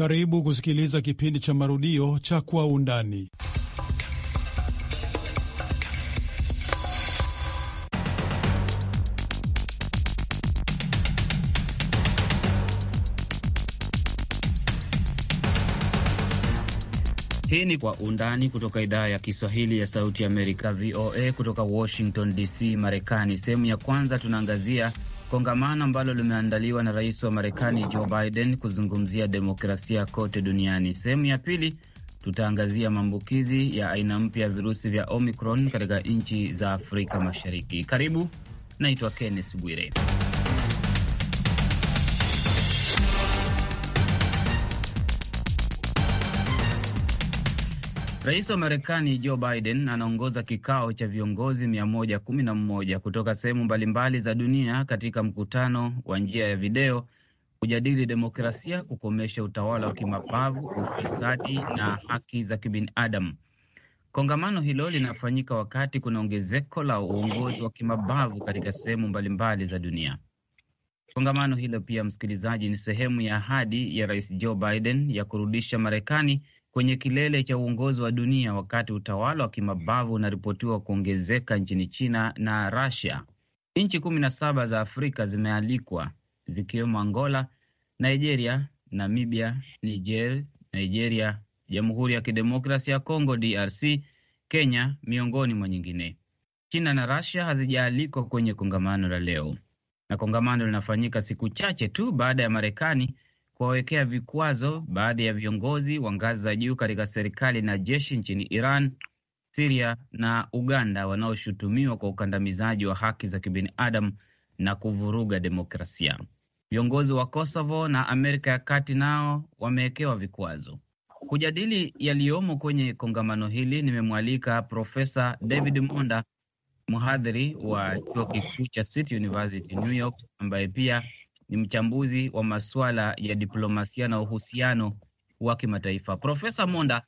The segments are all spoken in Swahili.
Karibu kusikiliza kipindi cha marudio cha Kwa Undani. Hii ni Kwa Undani kutoka idhaa ya Kiswahili ya Sauti ya Amerika, VOA, kutoka Washington DC, Marekani. Sehemu ya kwanza tunaangazia kongamano ambalo limeandaliwa na rais wa Marekani Joe Biden kuzungumzia demokrasia kote duniani. Sehemu ya pili tutaangazia maambukizi ya aina mpya ya virusi vya Omicron katika nchi za Afrika Mashariki. Karibu, naitwa Kenneth Bwire. Rais wa Marekani Joe Biden anaongoza kikao cha viongozi 111 kutoka sehemu mbalimbali za dunia katika mkutano wa njia ya video kujadili demokrasia, kukomesha utawala wa kimabavu, ufisadi na haki za kibinadamu. Kongamano hilo linafanyika wakati kuna ongezeko la uongozi wa kimabavu katika sehemu mbalimbali za dunia. Kongamano hilo pia, msikilizaji, ni sehemu ya ahadi ya Rais Joe Biden ya kurudisha Marekani kwenye kilele cha uongozi wa dunia wakati utawala wa kimabavu unaripotiwa kuongezeka nchini China na Russia. Nchi kumi na saba za Afrika zimealikwa zikiwemo Angola, Nigeria, Namibia, Niger, Nigeria, Jamhuri ya Kidemokrasia ya Kongo DRC, Kenya miongoni mwa nyingine. China na Russia hazijaalikwa kwenye kongamano la leo, na kongamano linafanyika siku chache tu baada ya Marekani kuwawekea vikwazo baadhi ya viongozi wa ngazi za juu katika serikali na jeshi nchini Iran, Siria na Uganda wanaoshutumiwa kwa ukandamizaji wa haki za kibinadamu na kuvuruga demokrasia. Viongozi wa Kosovo na Amerika ya Kati nao wamewekewa vikwazo. Kujadili yaliyomo kwenye kongamano hili, nimemwalika Profesa David Monda, mhadhiri wa chuo kikuu cha City University New York, ambaye pia ni mchambuzi wa masuala ya diplomasia na uhusiano wa kimataifa. Profesa Monda,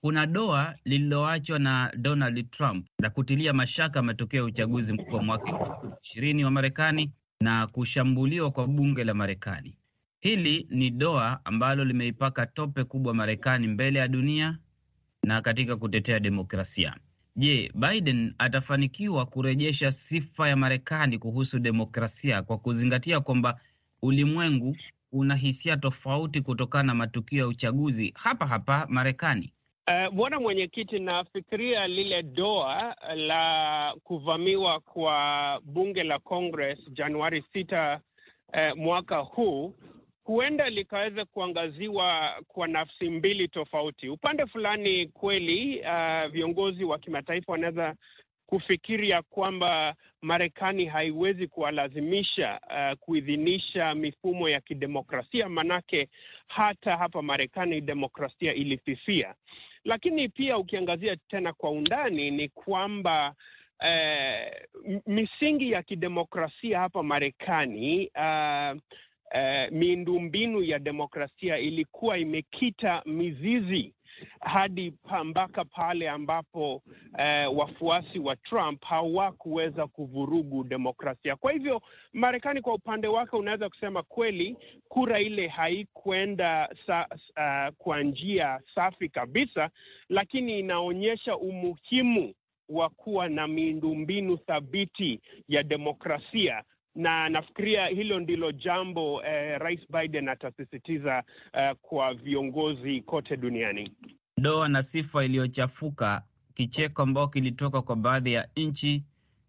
kuna doa lililoachwa na Donald Trump la kutilia mashaka matokeo ya uchaguzi mkuu wa mwaka elfu ishirini wa Marekani na kushambuliwa kwa bunge la Marekani. Hili ni doa ambalo limeipaka tope kubwa Marekani mbele ya dunia na katika kutetea demokrasia. Je, Biden atafanikiwa kurejesha sifa ya Marekani kuhusu demokrasia kwa kuzingatia kwamba ulimwengu una hisia tofauti kutokana na matukio ya uchaguzi hapa hapa Marekani. Eh, bwana uh, mwenyekiti, nafikiria lile doa la kuvamiwa kwa bunge la Congress Januari sita uh, mwaka huu huenda likaweza kuangaziwa kwa nafsi mbili tofauti. Upande fulani kweli, uh, viongozi wa kimataifa wanaweza kufikiria kwamba Marekani haiwezi kuwalazimisha uh, kuidhinisha mifumo ya kidemokrasia, manake hata hapa Marekani demokrasia ilififia. Lakini pia ukiangazia tena kwa undani ni kwamba uh, misingi ya kidemokrasia hapa Marekani uh, uh, miundombinu ya demokrasia ilikuwa imekita mizizi hadi mpaka pale ambapo eh, wafuasi wa Trump hawakuweza kuvurugu demokrasia. Kwa hivyo Marekani kwa upande wake, unaweza kusema kweli kura ile haikuenda sa, uh, kwa njia safi kabisa, lakini inaonyesha umuhimu wa kuwa na miundombinu thabiti ya demokrasia na nafikiria hilo ndilo jambo eh, Rais Biden atasisitiza eh, kwa viongozi kote duniani. Doa na sifa iliyochafuka, kicheko ambao kilitoka kwa baadhi ya nchi,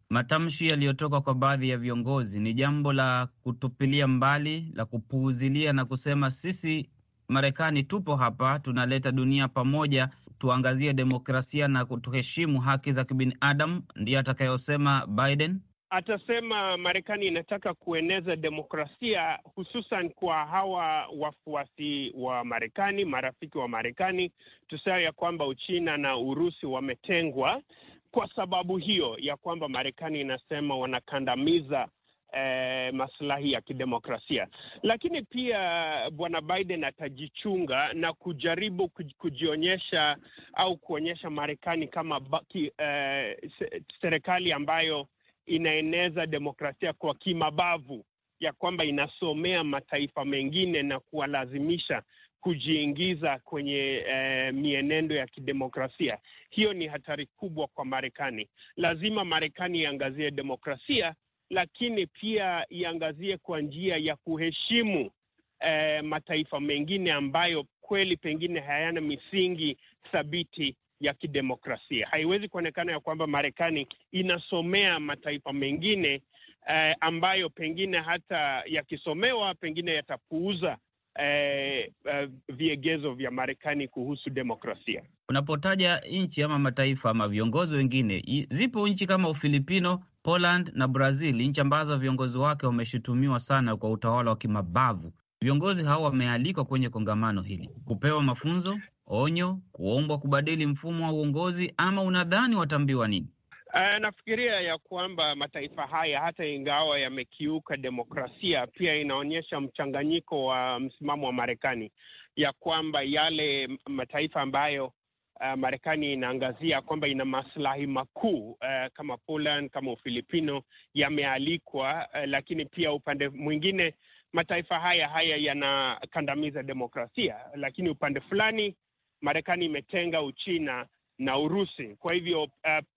matamshi yaliyotoka kwa baadhi ya viongozi ni jambo la kutupilia mbali, la kupuuzilia na kusema sisi Marekani tupo hapa, tunaleta dunia pamoja, tuangazie demokrasia na kutuheshimu haki za kibinadamu, ndiyo atakayosema Biden atasema Marekani inataka kueneza demokrasia hususan kwa hawa wafuasi wa Marekani, marafiki wa Marekani. Tusahau ya kwamba Uchina na Urusi wametengwa kwa sababu hiyo ya kwamba Marekani inasema wanakandamiza eh, masilahi ya kidemokrasia. Lakini pia bwana Biden atajichunga na kujaribu kujionyesha au kuonyesha Marekani kama baki, eh, serikali ambayo inaeneza demokrasia kwa kimabavu, ya kwamba inasomea mataifa mengine na kuwalazimisha kujiingiza kwenye eh, mienendo ya kidemokrasia. Hiyo ni hatari kubwa kwa Marekani. Lazima Marekani iangazie demokrasia, lakini pia iangazie kwa njia ya kuheshimu eh, mataifa mengine ambayo kweli pengine hayana misingi thabiti ya kidemokrasia. Haiwezi kuonekana ya kwamba Marekani inasomea mataifa mengine eh, ambayo pengine hata yakisomewa pengine yatapuuza eh, eh, viegezo vya Marekani kuhusu demokrasia. Unapotaja nchi ama mataifa ama viongozi wengine, zipo nchi kama Ufilipino, Poland na Brazil, nchi ambazo viongozi wake wameshutumiwa sana kwa utawala wa kimabavu. Viongozi hao wamealikwa kwenye kongamano hili kupewa mafunzo onyo, kuombwa kubadili mfumo wa uongozi, ama unadhani wataambiwa nini? Uh, nafikiria ya kwamba mataifa haya hata ingawa yamekiuka demokrasia, pia inaonyesha mchanganyiko wa msimamo wa Marekani ya kwamba yale mataifa ambayo Uh, Marekani inaangazia kwamba ina maslahi makuu uh, kama Poland kama Ufilipino yamealikwa, uh, lakini pia upande mwingine mataifa haya haya yanakandamiza demokrasia, lakini upande fulani Marekani imetenga Uchina na Urusi. Kwa hivyo uh,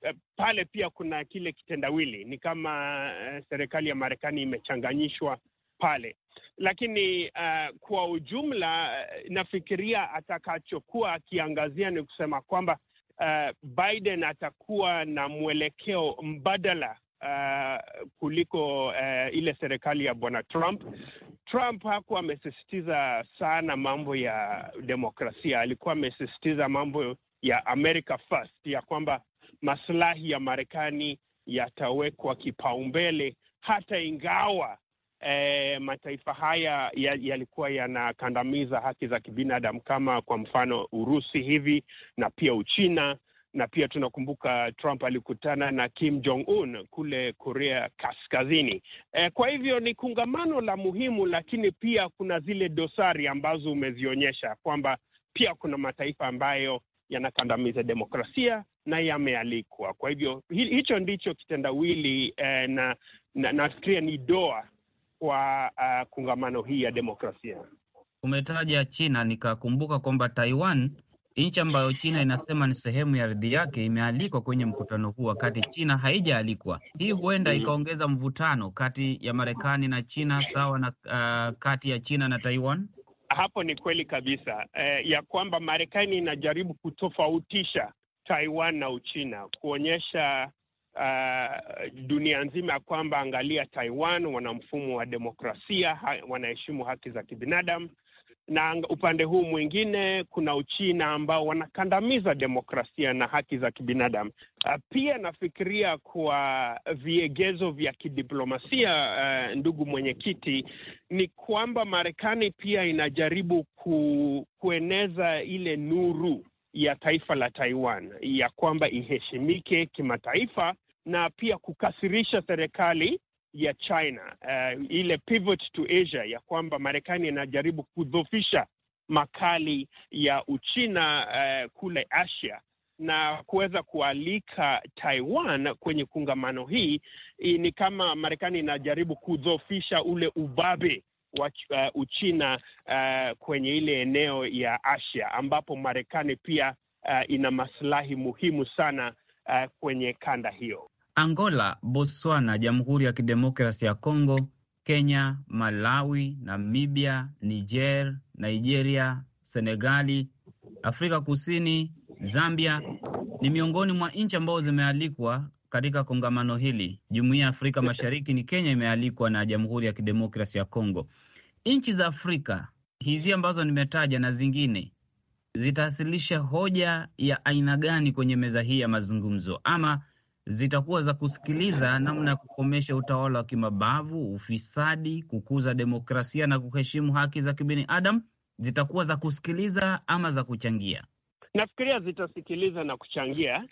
uh, pale pia kuna kile kitendawili, ni kama uh, serikali ya Marekani imechanganyishwa pale, lakini uh, kwa ujumla uh, nafikiria atakachokuwa akiangazia ni kusema kwamba uh, Biden atakuwa na mwelekeo mbadala uh, kuliko uh, ile serikali ya bwana Trump Trump hakuwa amesisitiza sana mambo ya demokrasia, alikuwa amesisitiza mambo ya America first, ya kwamba masilahi ya Marekani yatawekwa kipaumbele hata ingawa E, mataifa haya yalikuwa ya yanakandamiza haki za kibinadamu kama kwa mfano Urusi hivi na pia Uchina na pia tunakumbuka Trump alikutana na Kim Jong Un kule Korea Kaskazini. E, kwa hivyo ni kungamano la muhimu, lakini pia kuna zile dosari ambazo umezionyesha kwamba pia kuna mataifa ambayo yanakandamiza demokrasia na yamealikwa. Kwa hivyo hicho ndicho kitendawili eh, na nafikiria na ni doa kwa uh, kungamano hii ya demokrasia. Umetaja China, nikakumbuka kwamba Taiwan Nchi ambayo China inasema ni sehemu ya ardhi yake imealikwa kwenye mkutano huu, wakati China haijaalikwa. Hii huenda mm-hmm. ikaongeza mvutano kati ya Marekani na China, sawa na uh, kati ya China na Taiwan. Hapo ni kweli kabisa eh, ya kwamba Marekani inajaribu kutofautisha Taiwan na Uchina, kuonyesha uh, dunia nzima ya kwamba angalia, Taiwan wana mfumo wa demokrasia ha, wanaheshimu haki za kibinadamu na upande huu mwingine kuna Uchina ambao wanakandamiza demokrasia na haki za kibinadamu. Ah, pia nafikiria kwa viegezo vya kidiplomasia, uh, ndugu mwenyekiti, ni kwamba Marekani pia inajaribu ku, kueneza ile nuru ya taifa la Taiwan ya kwamba iheshimike kimataifa na pia kukasirisha serikali ya China uh, ile pivot to Asia ya kwamba Marekani inajaribu kudhofisha makali ya Uchina uh, kule Asia na kuweza kualika Taiwan kwenye kungamano hii, ni kama Marekani inajaribu kudhofisha ule ubabe wa uh, Uchina uh, kwenye ile eneo ya Asia ambapo Marekani pia uh, ina masilahi muhimu sana uh, kwenye kanda hiyo. Angola, Botswana, Jamhuri ya Kidemokrasi ya Kongo, Kenya, Malawi, Namibia, Niger, Nigeria, Senegali, Afrika Kusini, Zambia ni miongoni mwa nchi ambazo zimealikwa katika kongamano hili. Jumuiya ya Afrika Mashariki ni Kenya imealikwa na Jamhuri ya Kidemokrasi ya Kongo. Nchi za Afrika hizi ambazo nimetaja na zingine zitawasilisha hoja ya aina gani kwenye meza hii ya mazungumzo, ama zitakuwa za kusikiliza namna ya kukomesha utawala wa kimabavu, ufisadi, kukuza demokrasia na kuheshimu haki za kibinadamu? Zitakuwa za kusikiliza ama za kuchangia? Nafikiria zitasikiliza na kuchangia,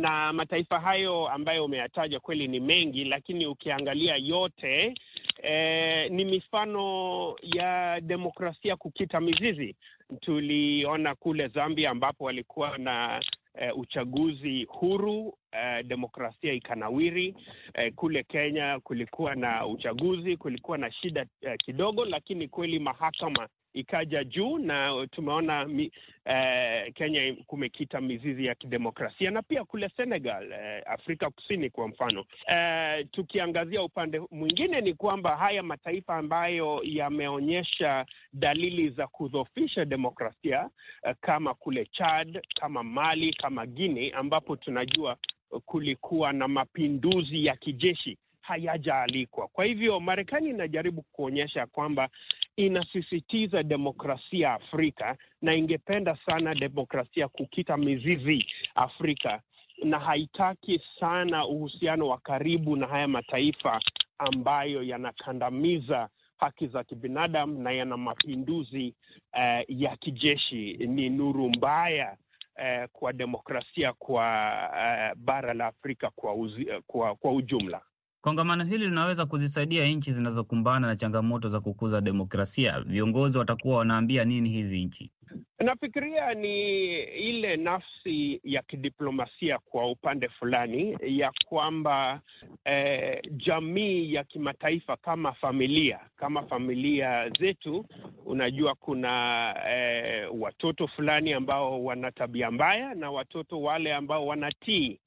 na mataifa hayo ambayo umeyataja kweli ni mengi, lakini ukiangalia yote eh, ni mifano ya demokrasia kukita mizizi. Tuliona kule Zambia ambapo walikuwa na eh, uchaguzi huru eh, demokrasia ikanawiri. Eh, kule Kenya kulikuwa na uchaguzi, kulikuwa na shida eh, kidogo, lakini kweli mahakama ikaja juu na tumeona mi, eh, Kenya kumekita mizizi ya kidemokrasia na pia kule Senegal, eh, Afrika Kusini kwa mfano. Eh, tukiangazia upande mwingine ni kwamba haya mataifa ambayo yameonyesha dalili za kudhofisha demokrasia eh, kama kule Chad, kama Mali, kama Guinea ambapo tunajua kulikuwa na mapinduzi ya kijeshi hayajaalikwa. Kwa hivyo Marekani inajaribu kuonyesha kwamba inasisitiza demokrasia Afrika na ingependa sana demokrasia kukita mizizi Afrika na haitaki sana uhusiano wa karibu na haya mataifa ambayo yanakandamiza haki za kibinadamu na yana mapinduzi uh, ya kijeshi. Ni nuru mbaya uh, kwa demokrasia kwa uh, bara la Afrika kwa, uzi, uh, kwa, kwa ujumla. Kongamano hili linaweza kuzisaidia nchi zinazokumbana na changamoto za kukuza demokrasia. Viongozi watakuwa wanaambia nini hizi nchi? Nafikiria ni ile nafsi ya kidiplomasia kwa upande fulani ya kwamba eh, jamii ya kimataifa kama familia kama familia zetu, unajua kuna eh, watoto fulani ambao wana tabia mbaya na watoto wale ambao wanatii,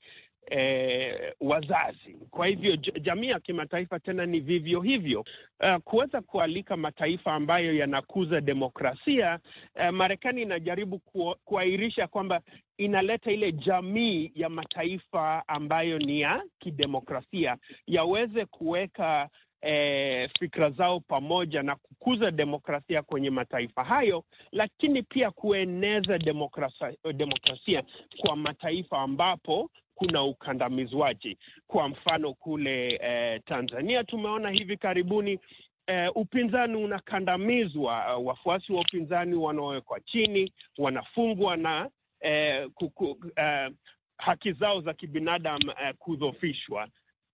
eh, wazazi. Kwa hivyo jamii ya kimataifa tena ni vivyo hivyo, uh, kuweza kualika mataifa ambayo yanakuza demokrasia. Uh, Marekani inajaribu kuahirisha kwamba inaleta ile jamii ya mataifa ambayo ni ya kidemokrasia yaweze kuweka E, fikra zao pamoja na kukuza demokrasia kwenye mataifa hayo, lakini pia kueneza demokrasia, demokrasia kwa mataifa ambapo kuna ukandamizwaji. Kwa mfano kule eh, Tanzania tumeona hivi karibuni eh, upinzani unakandamizwa, eh, wafuasi wa upinzani wanawekwa chini, wanafungwa na eh, kuku, eh, haki zao za kibinadamu eh, kudhofishwa.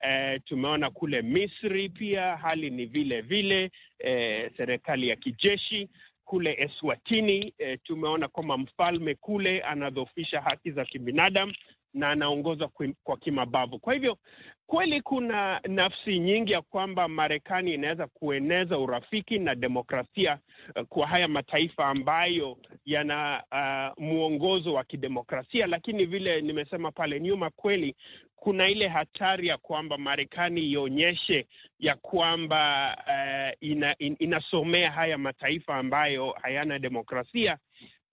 Eh, tumeona kule Misri pia hali ni vile vile, eh, serikali ya kijeshi kule Eswatini eh, tumeona kwamba mfalme kule anadhofisha haki za kibinadamu na anaongozwa kwa kimabavu. Kwa hivyo kweli kuna nafsi nyingi ya kwamba Marekani inaweza kueneza urafiki na demokrasia eh, kwa haya mataifa ambayo yana uh, mwongozo wa kidemokrasia, lakini vile nimesema pale nyuma, kweli kuna ile hatari ya kwamba Marekani ionyeshe ya kwamba uh, ina, in, inasomea haya mataifa ambayo hayana demokrasia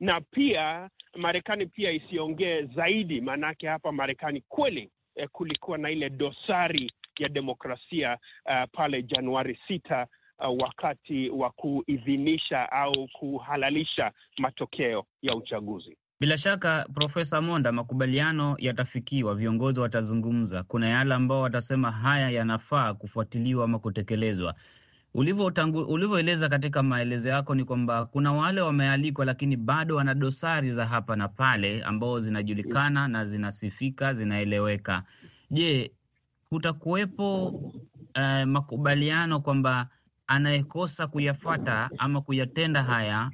na pia Marekani pia isiongee zaidi, maanake hapa Marekani kweli eh, kulikuwa na ile dosari ya demokrasia uh, pale Januari sita uh, wakati wa kuidhinisha au kuhalalisha matokeo ya uchaguzi. Bila shaka, Profesa Monda, makubaliano yatafikiwa, viongozi watazungumza. Kuna yale ambao watasema haya yanafaa kufuatiliwa ama kutekelezwa ulivyoeleza katika maelezo yako ni kwamba kuna wale wamealikwa, lakini bado wana dosari za hapa na pale ambao zinajulikana na zinasifika, zinaeleweka. Je, kutakuwepo uh, makubaliano kwamba anayekosa kuyafata ama kuyatenda haya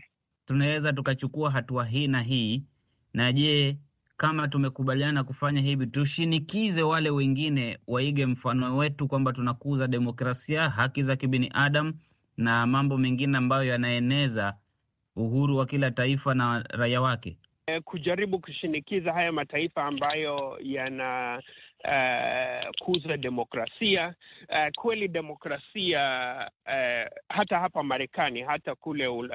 tunaweza tukachukua hatua hii na hii, na je kama tumekubaliana kufanya hivi, tushinikize wale wengine waige mfano wetu, kwamba tunakuza demokrasia, haki za kibinadamu na mambo mengine ambayo yanaeneza uhuru wa kila taifa na raia wake. Eh, kujaribu kushinikiza haya mataifa ambayo yana uh, kuza demokrasia uh, kweli demokrasia uh, hata hapa Marekani, hata kule uh,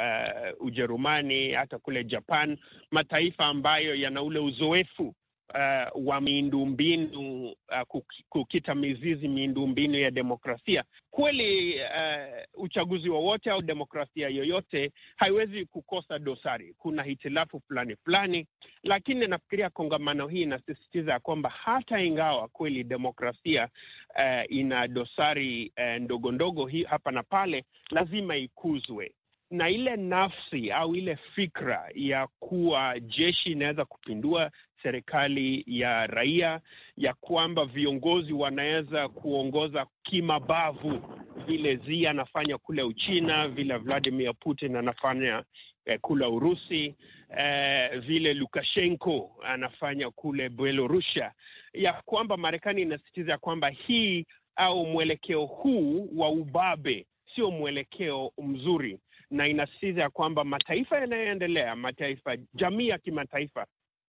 Ujerumani, hata kule Japan, mataifa ambayo yana ule uzoefu uh, wa miundombinu uh, kukita mizizi miundombinu ya demokrasia kweli. Uh, uchaguzi wowote au demokrasia yoyote haiwezi kukosa dosari. Kuna hitilafu fulani fulani, lakini nafikiria kongamano hii inasisitiza ya kwamba hata ingawa kweli demokrasia uh, ina dosari uh, ndogo ndogo hii hapa na pale, lazima ikuzwe na ile nafsi au ile fikra ya kuwa jeshi inaweza kupindua serikali ya raia ya kwamba viongozi wanaweza kuongoza kimabavu vile Xi anafanya kule Uchina, vile Vladimir Putin anafanya eh, kule Urusi, eh, vile Lukashenko anafanya kule Belorusia, ya kwamba Marekani inasisitiza ya kwamba hii au mwelekeo huu wa ubabe sio mwelekeo mzuri, na inasisitiza ya kwamba mataifa yanayoendelea, mataifa jamii ya kimataifa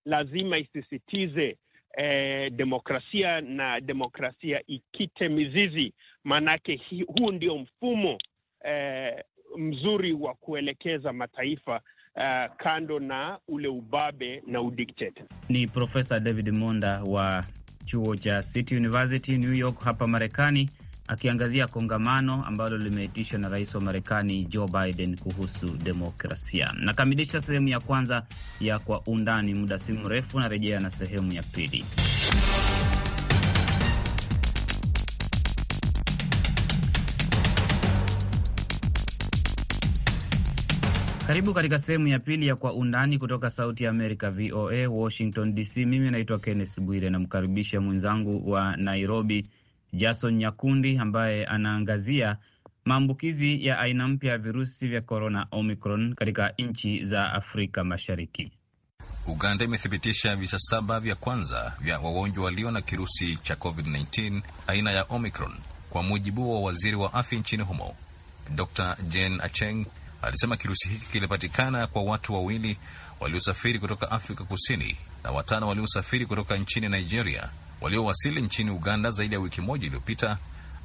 lazima isisitize eh, demokrasia na demokrasia ikite mizizi, maanake huu ndio mfumo eh, mzuri wa kuelekeza mataifa Uh, kando na ule ubabe na udikteta. Ni Profesa David Monda wa chuo cha City University New York hapa Marekani akiangazia kongamano ambalo limeitishwa na rais wa Marekani Joe Biden kuhusu demokrasia. Nakamilisha sehemu ya kwanza ya Kwa Undani. Muda si mrefu narejea na sehemu ya pili. Karibu katika sehemu ya pili ya Kwa Undani kutoka Sauti ya Amerika, VOA Washington DC. Mimi naitwa Kenneth Bwire, namkaribisha mwenzangu wa Nairobi Jason Nyakundi ambaye anaangazia maambukizi ya aina mpya ya virusi vya korona Omicron katika nchi za Afrika Mashariki. Uganda imethibitisha visa saba vya kwanza vya wagonjwa walio na kirusi cha COVID-19 aina ya Omicron, kwa mujibu wa waziri wa afya nchini humo. Dr Jane Acheng alisema kirusi hiki kilipatikana kwa watu wawili waliosafiri kutoka Afrika Kusini na watano waliosafiri kutoka nchini Nigeria waliowasili nchini Uganda zaidi ya wiki moja iliyopita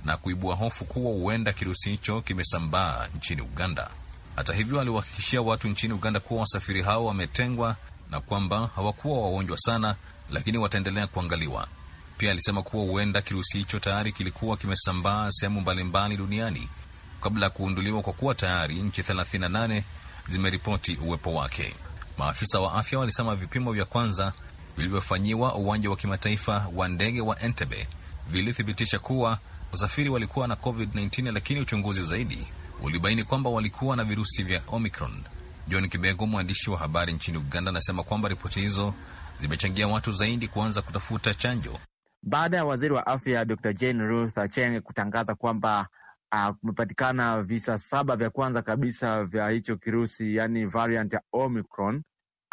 na kuibua hofu kuwa huenda kirusi hicho kimesambaa nchini Uganda. Hata hivyo, aliwahakikishia watu nchini Uganda kuwa wasafiri hao wametengwa na kwamba hawakuwa wagonjwa sana, lakini wataendelea kuangaliwa. Pia alisema kuwa huenda kirusi hicho tayari kilikuwa kimesambaa sehemu mbalimbali duniani kabla ya kugunduliwa, kwa kuwa tayari nchi 38 zimeripoti uwepo wake. Maafisa wa afya walisema vipimo vya kwanza vilivyofanyiwa uwanja wa kimataifa wa ndege wa Entebbe vilithibitisha kuwa wasafiri walikuwa na COVID-19, lakini uchunguzi zaidi ulibaini kwamba walikuwa na virusi vya Omicron. John Kibego, mwandishi wa habari nchini Uganda, anasema kwamba ripoti hizo zimechangia watu zaidi kuanza kutafuta chanjo baada ya waziri wa afya Dr Jane Ruth Acheng kutangaza kwamba ah, kumepatikana uh, visa saba vya kwanza kabisa vya hicho kirusi, yani variant ya Omicron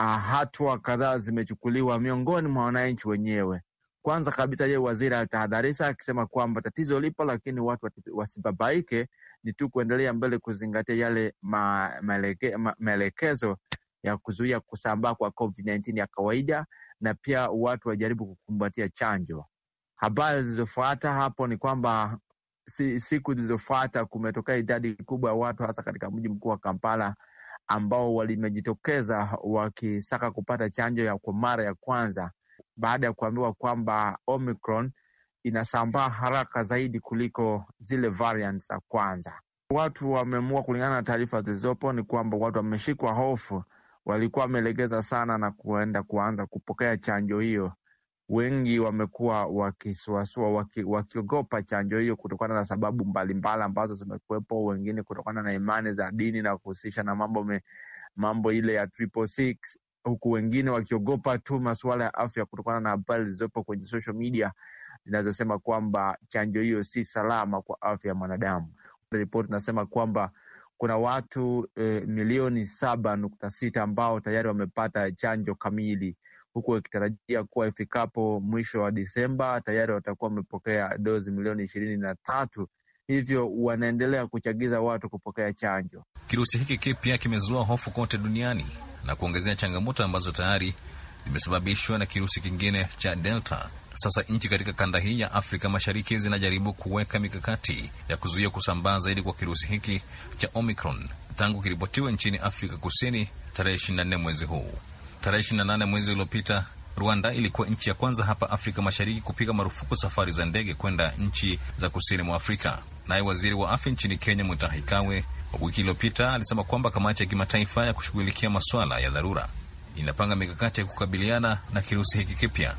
Ah, hatua kadhaa zimechukuliwa miongoni mwa wananchi wenyewe. Kwanza kabisa, yeye waziri alitahadharisha akisema kwamba tatizo lipo, lakini watu wasibabaike, ni tu kuendelea mbele kuzingatia yale maelekezo ma, maelekezo ya kuzuia kusambaa kwa COVID-19 ya kawaida, na pia watu wajaribu kukumbatia chanjo. Habari zilizofuata hapo ni kwamba siku zilizofuata kumetokea idadi kubwa ya watu hasa katika mji mkuu wa Kampala ambao walimejitokeza wakisaka kupata chanjo kwa mara ya kwanza baada ya kuambiwa kwamba Omicron inasambaa haraka zaidi kuliko zile variants za kwanza. Watu wameamua, kulingana na taarifa zilizopo, ni kwamba watu wameshikwa hofu, walikuwa wamelegeza sana na kuenda kuanza kupokea chanjo hiyo wengi wamekuwa wakisuasua waki, wakiogopa chanjo hiyo kutokana na sababu mbalimbali ambazo zimekuwepo, wengine kutokana na imani za dini na kuhusisha na mambo, me, mambo ile ya triple six, huku wengine wakiogopa tu masuala ya afya kutokana na habari zilizopo kwenye social media zinazosema kwamba chanjo hiyo si salama kwa afya ya mwanadamu. Ripoti inasema kwamba kuna watu eh, milioni saba nukta sita ambao tayari wamepata chanjo kamili huku wakitarajia kuwa ifikapo mwisho wa Disemba tayari watakuwa wamepokea dozi milioni ishirini na tatu hivyo wanaendelea kuchagiza watu kupokea chanjo. Kirusi hiki kipya kimezua hofu kote duniani na kuongezea changamoto ambazo tayari zimesababishwa na kirusi kingine cha Delta. Sasa nchi katika kanda hii ya Afrika Mashariki zinajaribu kuweka mikakati ya kuzuia kusambaa zaidi kwa kirusi hiki cha Omicron tangu kiripotiwe nchini Afrika Kusini tarehe 24 mwezi huu. Tarehe 28 mwezi uliopita, Rwanda ilikuwa nchi ya kwanza hapa Afrika Mashariki kupiga marufuku safari za ndege kwenda nchi za kusini mwa Afrika. Naye waziri wa afya nchini Kenya, Mutahi Kagwe, wiki iliyopita alisema kwamba kamati ya kimataifa ya kushughulikia masuala ya dharura inapanga mikakati ya kukabiliana na kirusi hiki kipya,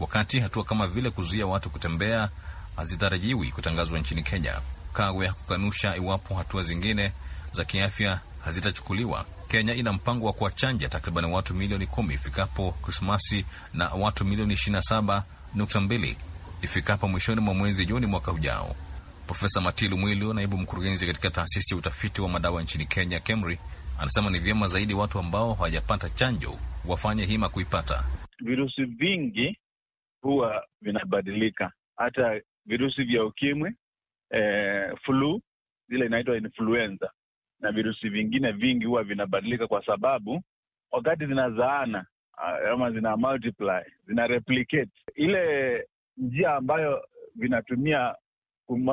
wakati hatua kama vile kuzuia watu kutembea hazitarajiwi kutangazwa nchini Kenya. Kagwe hakukanusha iwapo hatua zingine za kiafya hazitachukuliwa Kenya ina mpango wa kuwachanja takriban watu milioni kumi ifikapo Krismasi na watu milioni 27.2 ifikapo mwishoni mwa mwezi Juni mwaka ujao. Profesa Matilu Mwilu, naibu mkurugenzi katika taasisi ya utafiti wa madawa nchini Kenya, KEMRI, anasema ni vyema zaidi watu ambao hawajapata chanjo wafanye hima kuipata. Virusi vingi huwa vinabadilika, hata virusi vya ukimwi, eh, flu, ile inaitwa influenza na virusi vingine vingi huwa vinabadilika kwa sababu wakati zinazaana uh, ama zina multiply, zina replicate ile njia ambayo vinatumia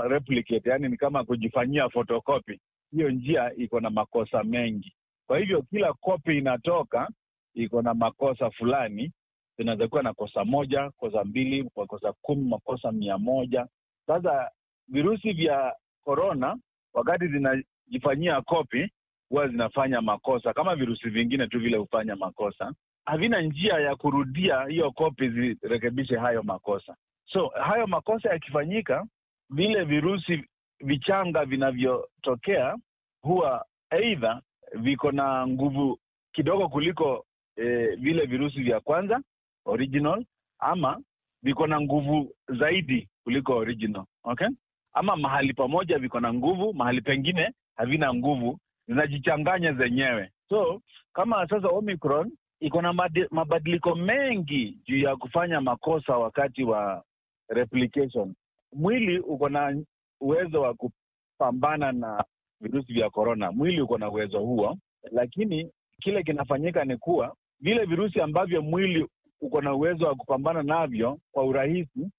replicate, yani ni kama kujifanyia photocopy. Hiyo njia iko na makosa mengi, kwa hivyo kila kopi inatoka iko na makosa fulani, zinaweza kuwa na kosa moja, kosa mbili, makosa kumi, makosa mia moja. Sasa virusi vya korona wakati zina zikijifanyia kopi huwa zinafanya makosa kama virusi vingine tu vile hufanya makosa. Havina njia ya kurudia hiyo kopi zirekebishe hayo makosa. So hayo makosa yakifanyika, vile virusi vichanga vinavyotokea huwa eidha viko na nguvu kidogo kuliko eh, vile virusi vya kwanza original, ama viko na nguvu zaidi kuliko original, okay? Ama mahali pamoja viko na nguvu, mahali pengine havina nguvu, zinajichanganya zenyewe. So kama sasa Omicron iko na mabadiliko mengi juu ya kufanya makosa wakati wa replication. Mwili uko na uwezo wa kupambana na virusi vya korona, mwili uko na uwezo huo, lakini kile kinafanyika ni kuwa vile virusi ambavyo mwili uko na uwezo wa kupambana navyo kwa urahisi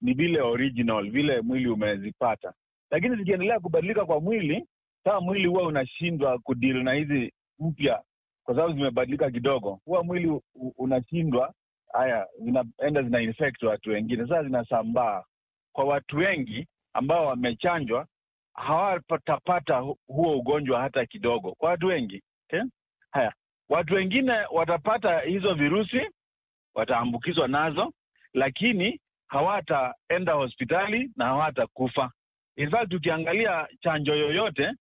ni vile original, vile mwili umezipata, lakini zikiendelea kubadilika kwa mwili sasa mwili huwa unashindwa kudili na hizi mpya, kwa sababu zimebadilika kidogo, huwa mwili unashindwa. Haya, zinaenda zina infect watu wengine, sasa zinasambaa kwa watu wengi ambao wamechanjwa hawatapata huo ugonjwa hata kidogo, kwa watu wengi okay? Eh, haya, watu wengine watapata hizo virusi, wataambukizwa nazo, lakini hawataenda hospitali na hawatakufa. In fact, ukiangalia chanjo yoyote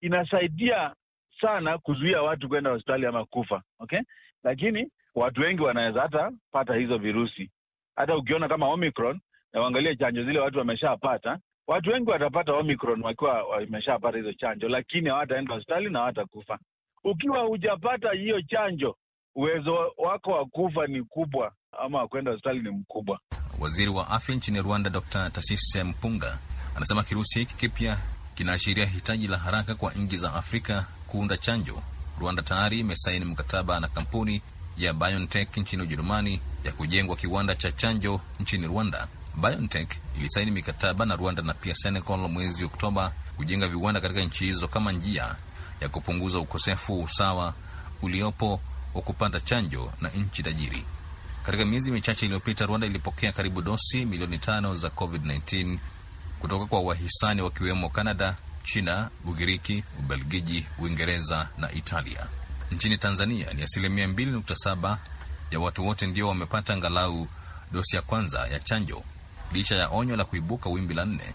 inasaidia sana kuzuia watu kwenda hospitali ama kufa, okay? Lakini watu wengi wanaweza hata pata hizo virusi. Hata ukiona kama Omicron na uangalie chanjo zile watu wameshapata, watu wengi watapata Omicron wakiwa wameshapata hizo chanjo, lakini hawataenda hospitali na hawatakufa. Ukiwa hujapata hiyo chanjo, uwezo wako wa kufa ni kubwa ama wakwenda hospitali ni mkubwa. Waziri wa afya nchini Rwanda Dr. Tasise Mpunga anasema kirusi hiki kipya kinaashiria hitaji la haraka kwa nchi za Afrika kuunda chanjo. Rwanda tayari imesaini mkataba na kampuni ya BioNTech nchini Ujerumani ya kujengwa kiwanda cha chanjo nchini Rwanda. BioNTech ilisaini mikataba na Rwanda na pia Senegal mwezi Oktoba kujenga viwanda katika nchi hizo kama njia ya kupunguza ukosefu wa usawa uliopo wa kupata chanjo na nchi tajiri. Katika miezi michache iliyopita, Rwanda ilipokea karibu dosi milioni tano za COVID-19 kutoka kwa wahisani wakiwemo Kanada, China, Ugiriki, Ubelgiji, Uingereza na Italia. Nchini Tanzania ni asilimia 2.7 ya watu wote ndio wamepata angalau dosi ya kwanza ya chanjo licha ya onyo la kuibuka wimbi la nne.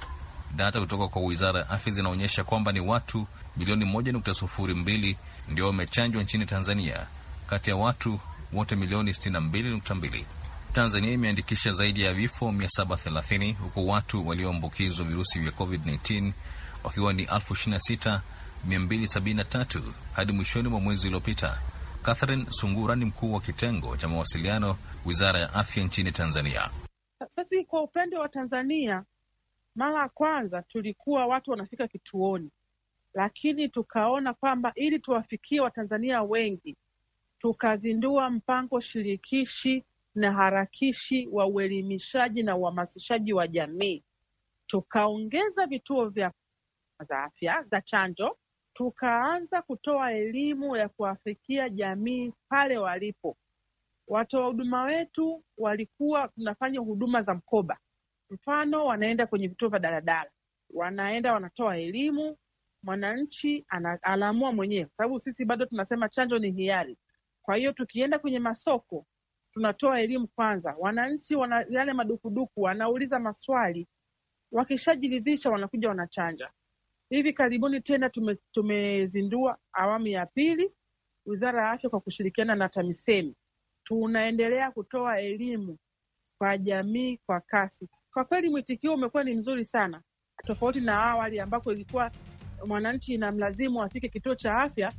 Data kutoka kwa wizara ya afya zinaonyesha kwamba ni watu milioni 1.02 ndio wamechanjwa nchini Tanzania kati ya watu wote milioni 62.2. Tanzania imeandikisha zaidi ya vifo 730 huku watu walioambukizwa virusi vya COVID-19 wakiwa ni 26273 hadi mwishoni mwa mwezi uliopita. Catherine Sungura ni mkuu wa kitengo cha mawasiliano, wizara ya afya nchini Tanzania. Sasa kwa upande wa Tanzania, mara ya kwanza tulikuwa watu wanafika kituoni, lakini tukaona kwamba ili tuwafikie watanzania wengi tukazindua mpango shirikishi na harakishi wa uelimishaji na uhamasishaji wa jamii, tukaongeza vituo vya za afya za chanjo, tukaanza kutoa elimu ya kuwafikia jamii pale walipo. Watoa huduma wetu walikuwa tunafanya huduma za mkoba, mfano wanaenda kwenye vituo vya daladala, wanaenda wanatoa elimu, mwananchi anaamua mwenyewe, kwa sababu sisi bado tunasema chanjo ni hiari. Kwa hiyo tukienda kwenye masoko tunatoa elimu kwanza, wananchi wana yale madukuduku, wanauliza maswali, wakishajiridhisha wanakuja wanachanja. Hivi karibuni tena tume, tumezindua awamu ya pili, Wizara ya Afya kwa kushirikiana na TAMISEMI tunaendelea kutoa elimu kwa jamii kwa kasi. Kwa kweli mwitikio umekuwa ni mzuri sana, tofauti na awali ambako ilikuwa mwananchi inamlazimu afike kituo cha afya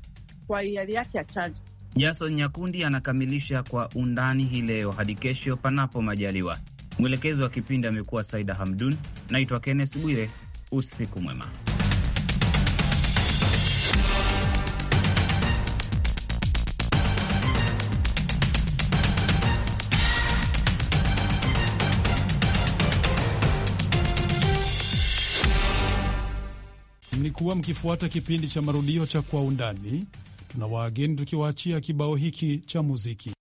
kwa hiari yake ya chanjo. Jason Nyakundi anakamilisha kwa undani hii leo. Hadi kesho, panapo majaliwa. Mwelekezi wa kipindi amekuwa Saida Hamdun. Naitwa Kenneth Bwire. Usiku mwema. Mlikuwa mkifuata kipindi cha marudio cha Kwa Undani na waageni tukiwaachia kibao hiki cha muziki.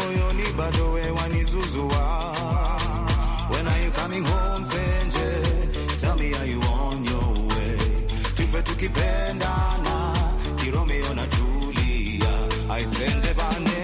moyoni bado we wanizuzua When are you coming home Senje Tell me are you on your way Tufe tukipendana Kiromeo na Julia Ai Senje bande